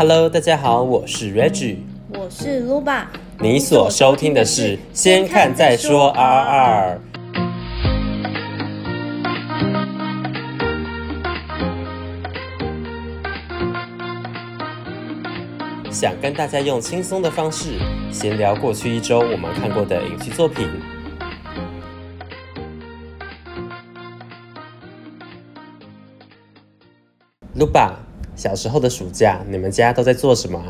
Hello，大家好，我是 Reggie，我是 Luba，你所收聽的是先看、先看再說 RRR，想跟大家用輕鬆的方式閒聊過去一周我們看過的影視作品。Luba 小時候的暑假，你們家都在做什麼？啊？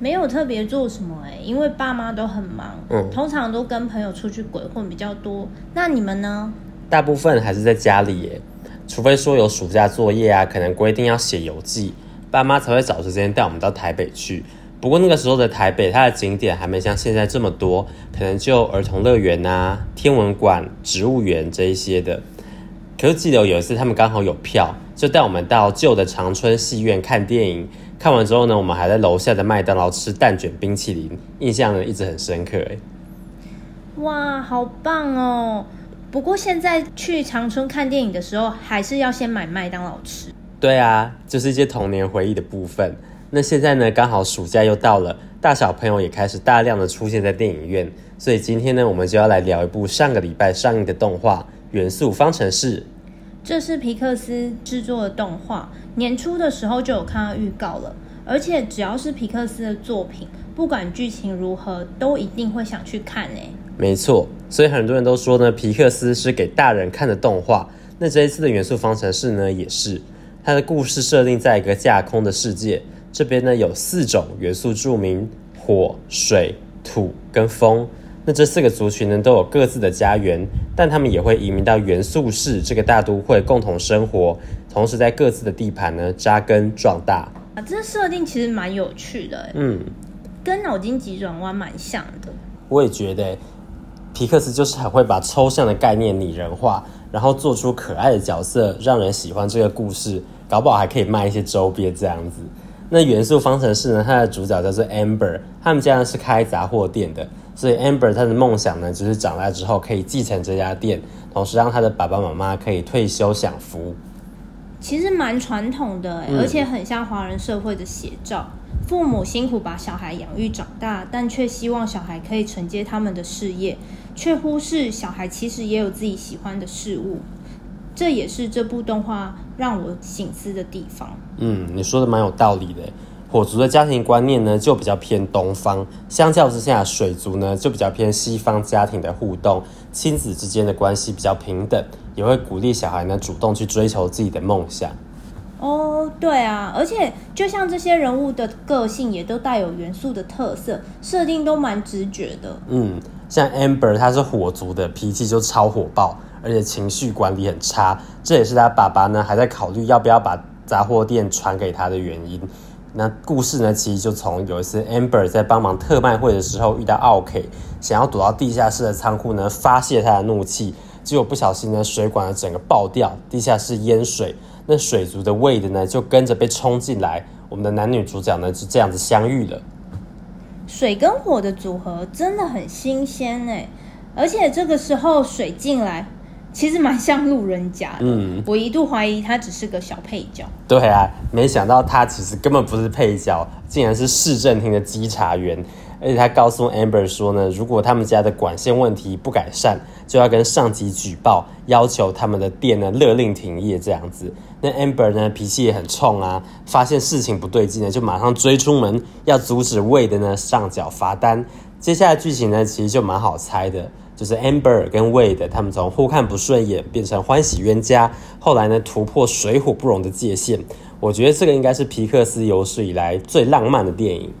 沒有特別做什麼、欸、因為爸媽都很忙，嗯，通常都跟朋友出去鬼混比較多。那你們呢？大部分還是在家裡耶、欸，除非說有暑假作業啊，可能規定要寫遊記，爸媽才會找時間帶我們到台北去。不過那個時候的台北，它的景點還沒像現在這麼多，可能就兒童樂園啊、天文館、植物園這一些的。可是記得有一次，他們剛好有票。就帶我們到舊的長春戲院看電影，看完之後呢，我們還在樓下的麥當勞吃蛋卷冰淇淋，印象呢一直很深刻。哎，哇，好棒哦！不過現在去長春看電影的時候，還是要先買麥當勞吃。對啊，就是一些童年回憶的部分。那現在呢，剛好暑假又到了，大小朋友也開始大量的出現在電影院，所以今天呢，我們就要來聊一部上個禮拜上映的動畫《元素方城市》。這是皮克斯製作的動畫，年初的時候就有看到預告了。而且只要是皮克斯的作品，不管劇情如何，都一定會想去看誒。沒錯，所以很多人都說呢，皮克斯是給大人看的動畫。那這一次的《元素方城市》呢，也是它的故事設定在一個架空的世界，這邊呢有四種元素著名：火、水、土跟風。那這四個族群呢，都有各自的家園，但他們也會移民到元素市這個大都會共同生活，同時在各自的地盤呢扎根壯大。啊，這設定其實蠻有趣的，嗯，跟腦筋急轉彎蠻像的。我也覺得，皮克斯就是很會把抽象的概念擬人化，然後做出可愛的角色，讓人喜歡這個故事，搞不好還可以賣一些周邊這樣子。那元素方城市呢，它的主角叫做 Amber，他們家呢是開雜貨店的。所以 Amber 他的夢想呢，就是長大之後可以繼承這家店，同時讓他的爸爸媽媽可以退休享福。其實蠻傳統的欸，嗯，而且很像華人社會的寫照：父母辛苦把小孩養育長大，但卻希望小孩可以承接他們的事業，卻忽視小孩其實也有自己喜歡的事物。這也是這部動畫讓我省思的地方。嗯，你說的蠻有道理的欸。火族的家庭觀念呢，就比較偏東方。相較之下，水族呢就比較偏西方。家庭的互動、親子之間的關係比較平等，也會鼓勵小孩呢主動去追求自己的夢想。哦，oh, 對啊，而且就像這些人物的個性，也都帶有元素的特色，設定都蠻直覺的。嗯，像 Amber，他是火族的，脾氣就超火爆，而且情緒管理很差。這也是他爸爸呢還在考慮要不要把雜貨店傳給他的原因。那故事呢，其實就從有一次 Amber 在幫忙特賣會的時候遇到奧客，想要躲到地下室的倉庫呢發洩他的怒氣，結果不小心呢水管整個爆掉，地下室淹水，那水族的 Wade 呢就跟着被衝進來，我們的男女主角呢就這樣子相遇了。水跟火的組合真的很新鮮哎、欸，而且這個時候水進來。其實蠻像路人甲的，嗯，我一度懷疑他只是個小配角。對啊，沒想到他其實根本不是配角，竟然是市政廳的稽查員，而且他告訴 Amber 說呢，如果他們家的管線問題不改善，就要跟上級舉報，要求他們的店呢勒令停業這樣子。那 Amber 呢脾氣也很衝啊，發現事情不對勁呢，就馬上追出門要阻止 Wade 呢上繳罰單。接下來的劇情呢，其實就蠻好猜的。就是 Amber 跟 Wade，他們從互看不順眼變成歡喜冤家，後來呢突破水火不容的界限。我覺得這個應該是皮克斯有史以來最浪漫的電影，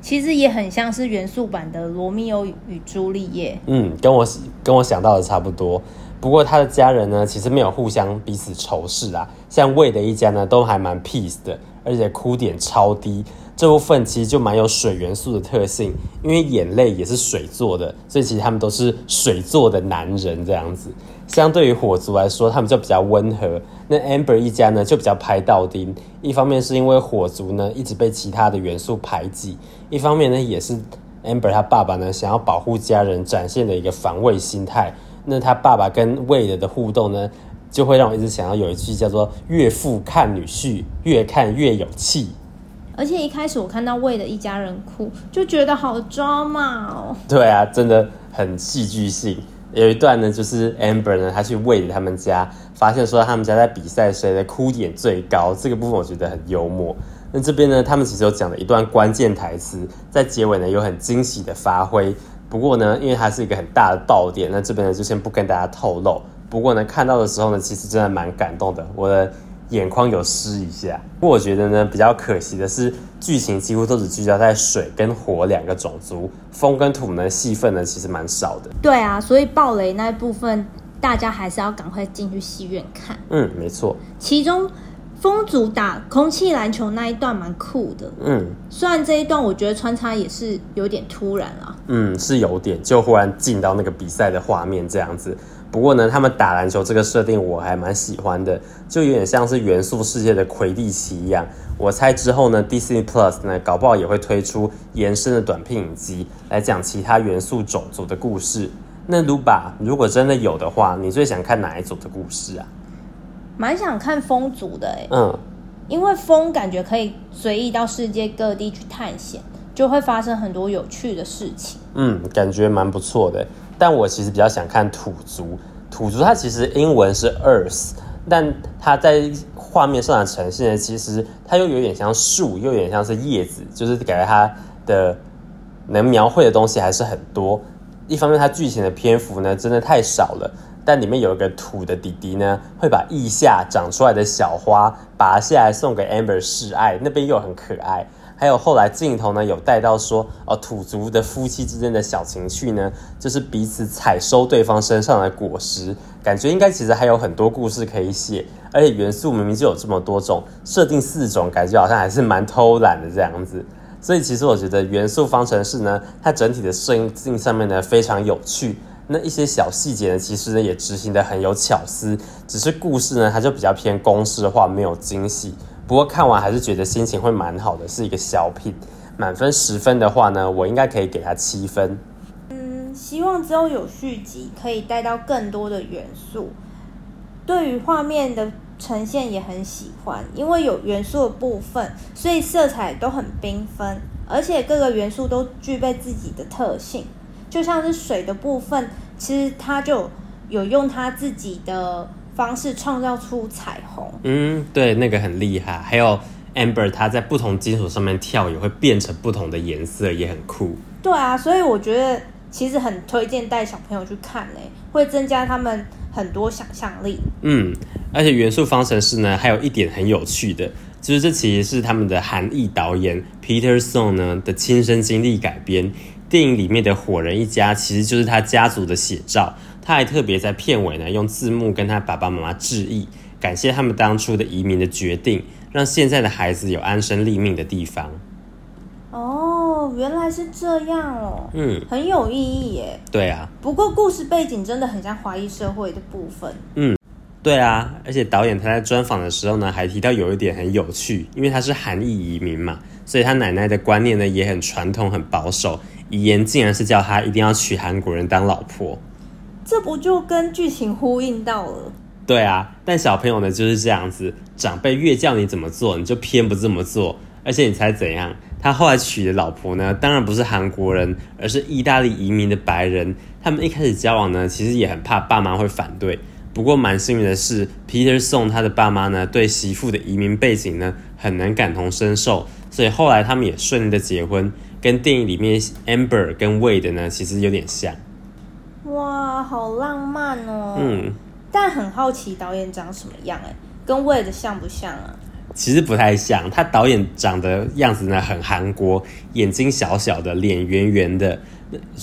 其實也很像是元素版的羅密歐與朱麗葉。嗯，跟我跟我想到的差不多。不過他的家人呢，其實沒有互相彼此仇視啊，像 Wade 一家呢都還蠻 peace 的，而且哭點超低。這部分其實就蠻有水元素的特性，因為眼淚也是水做的，所以其實他們都是水做的男人這樣子。相對於火族來說，他們就比較溫和。那 Amber 一家呢，就比較排倒釘。一方面是因為火族呢一直被其他的元素排擠，一方面呢也是 Amber 他爸爸呢想要保護家人展現的一個防衛心態。那他爸爸跟 Wade 的互動呢，就會讓我一直想要有一句叫做“岳父看女婿，越看越有氣”。而且一開始我看到 Wade 的一家人哭，就覺得好抓馬。哦。對啊，真的很戲劇性。有一段呢，就是 Amber 呢，她去 Wade 他們家，發現說他們家在比賽誰的哭點最高。這個部分我覺得很幽默。那這邊呢，他們其實有講了一段關鍵台詞，在結尾呢有很驚喜的發揮。不過呢，因為它是一個很大的爆點，那這邊呢就先不跟大家透露。不過呢，看到的時候呢，其實真的蠻感動的。我。的。眼眶有濕一下，不過我覺得呢，比較可惜的是，劇情幾乎都只聚焦在水跟火兩個種族，風跟土呢戲份呢其實蠻少的。對啊，所以爆雷那一部分，大家還是要趕快進去戲院看。嗯，沒錯。其中風族打空氣籃球那一段蠻酷的。嗯，雖然這一段我覺得穿插也是有點突然啊。嗯，是有點，就忽然進到那個比賽的畫面這樣子。不過呢，他們打籃球這個設定我還蠻喜歡的，就有點像是元素世界的魁地奇一樣。我猜之後呢，Disney Plus 呢搞不好也會推出延伸的短片影集，來講其他元素種族的故事。那盧巴，如果真的有的話，你最想看哪一種的故事啊？蠻想看風族的、欸，嗯，因為風感覺可以隨意到世界各地去探險，就會發生很多有趣的事情。嗯，感覺蠻不錯的。但我其實比較想看土族，土族它其實英文是 Earth，但它在畫面上的呈現呢，其實它又有點像樹，又有點像是葉子，就是感覺它的能描繪的東西還是很多。一方面它劇情的篇幅呢，真的太少了。但裡面有一個土的弟弟呢，會把腋下長出來的小花拔下來送給 Amber 示愛，那邊又很可愛。還有後來鏡頭呢，有帶到說，啊、土族的夫妻之間的小情趣呢，就是彼此採收對方身上的果實，感覺應該其實還有很多故事可以寫，而且元素明明就有這麼多種，設定四種，感覺好像還是蠻偷懶的這樣子。所以其實我覺得元素方城市呢，它整體的設定上面呢，非常有趣，那一些小細節呢，其實呢也執行得很有巧思，只是故事呢，它就比較偏公式化，沒有驚喜。不過看完還是覺得心情會蠻好的，是一個小品。滿分十分的話呢，我應該可以給他七分。嗯，希望之後有續集可以帶到更多的元素。對於畫面的呈現也很喜歡，因為有元素的部分，所以色彩都很繽紛，而且各個元素都具備自己的特性。就像是水的部分，其實它就有，有用它自己的。方式創造出彩虹，嗯，對，那個很厲害。還有 Amber，他在不同金屬上面跳，也會變成不同的顏色，也很酷。對啊，所以我覺得其實很推薦帶小朋友去看呢、欸，會增加他們很多想象力。嗯，而且元素方城市呢，還有一點很有趣的，就是這其實是他們的韓裔導演 Peter Sohn 呢的親身經歷改編。電影裡面的火人一家，其實就是他家族的寫照。他還特別在片尾呢，用字幕跟他爸爸媽媽致意，感謝他們當初的移民的決定，讓現在的孩子有安身立命的地方。哦，原來是這樣哦，嗯，很有意義耶。對啊，不過故事背景真的很像華裔社會的部分。嗯，對啊，而且導演他在專訪的時候呢，還提到有一點很有趣，因為他是韓裔移民嘛，所以他奶奶的觀念呢也很傳統很保守，遺言竟然是叫他一定要娶韓國人當老婆。這不就跟劇情呼應到了？對啊，但小朋友呢就是這樣子，長輩越叫你怎麼做，你就偏不這麼做。而且你猜怎樣？他後來娶的老婆呢，當然不是韓國人，而是意大利移民的白人。他們一開始交往呢，其實也很怕爸媽會反對。不過蠻幸運的是，Peter Song 他的爸媽呢，對媳婦的移民背景呢，很能感同身受，所以後來他們也順利的結婚，跟電影裡面 Amber 跟 Wade 呢，其實有點像。哇，好浪漫哦、喔！嗯，但很好奇導演長什麼樣哎、欸，跟 Wade 的像不像啊？其實不太像，他導演長的樣子呢很韓國，眼睛小小的，臉圓圓的。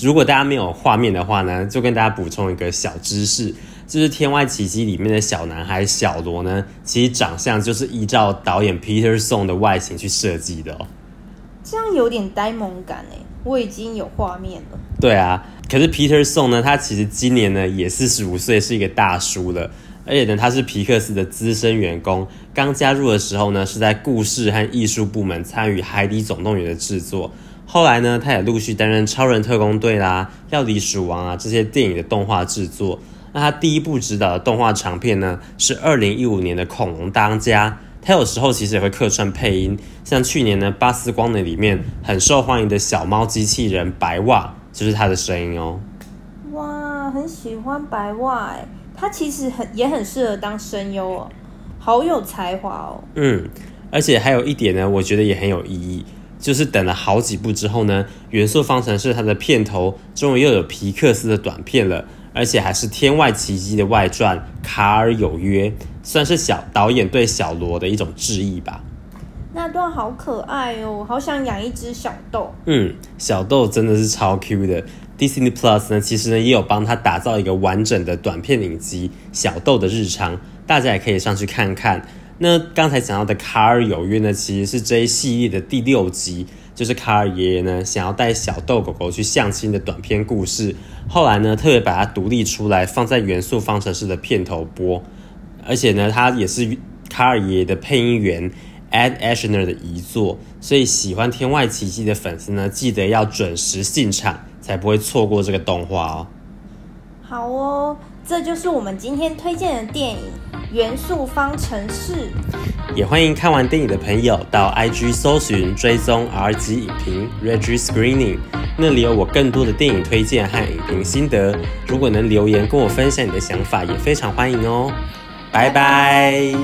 如果大家沒有畫面的話呢，就跟大家補充一個小知識，就是《天外奇蹟》裡面的小男孩小羅呢，其實長相就是依照導演 Peter Song 的外形去設計的哦、喔。這樣有點呆萌感呢、欸。我已經有畫面了。對啊。可是 Peter Song 呢，他其實今年呢也四十五歲，是一個大叔了。而且呢，他是皮克斯的資深員工。剛加入的時候呢，是在故事和藝術部門參與《海底總動員》的製作。後來呢，他也陸續擔任《超人特工隊》啦、《料理鼠王》啊這些電影的動畫製作。那他第一部執導的動畫長片呢，是二零一五年的《恐龍當家》。他有時候其實也會客串配音，像去年呢《巴斯光年》裡面很受歡迎的小貓機器人白襪。就是他的聲音哦，哇，很喜歡白襪哎，他其實很也很適合當聲優哦，好有才華哦。嗯，而且還有一點呢，我覺得也很有意義，就是等了好幾部之後呢，《元素方城市》它的片頭終於又有皮克斯的短片了，而且還是《天外奇蹟》的外傳《卡爾有約》，算是小導演對小羅的一種致意吧。那段好可愛哦，好想養一隻小豆。嗯，小豆真的是超 Q 的。Disney Plus 呢，其實呢也有幫他打造一個完整的短片影集《小豆的日常》，大家也可以上去看看。那剛才講到的卡爾有約呢，其實是這一系列的第六集，就是卡爾爺爺呢想要帶小豆狗狗去相親的短片故事。後來呢，特別把它獨立出來放在《元素方城市》的片頭播，而且呢，他也是卡爾爺爺的配音員 Ed Asner 的遺作，所以喜歡《天外奇蹟》的粉絲呢，記得要準時進場，才不會錯過這個動畫哦。好哦，這就是我們今天推薦的電影《元素方城市》。也歡迎看完電影的朋友到 IG 搜尋追蹤 R 級影評 Reggie Screening，那裡有我更多的電影推薦和影評心得。如果能留言跟我分享你的想法，也非常歡迎哦。拜拜。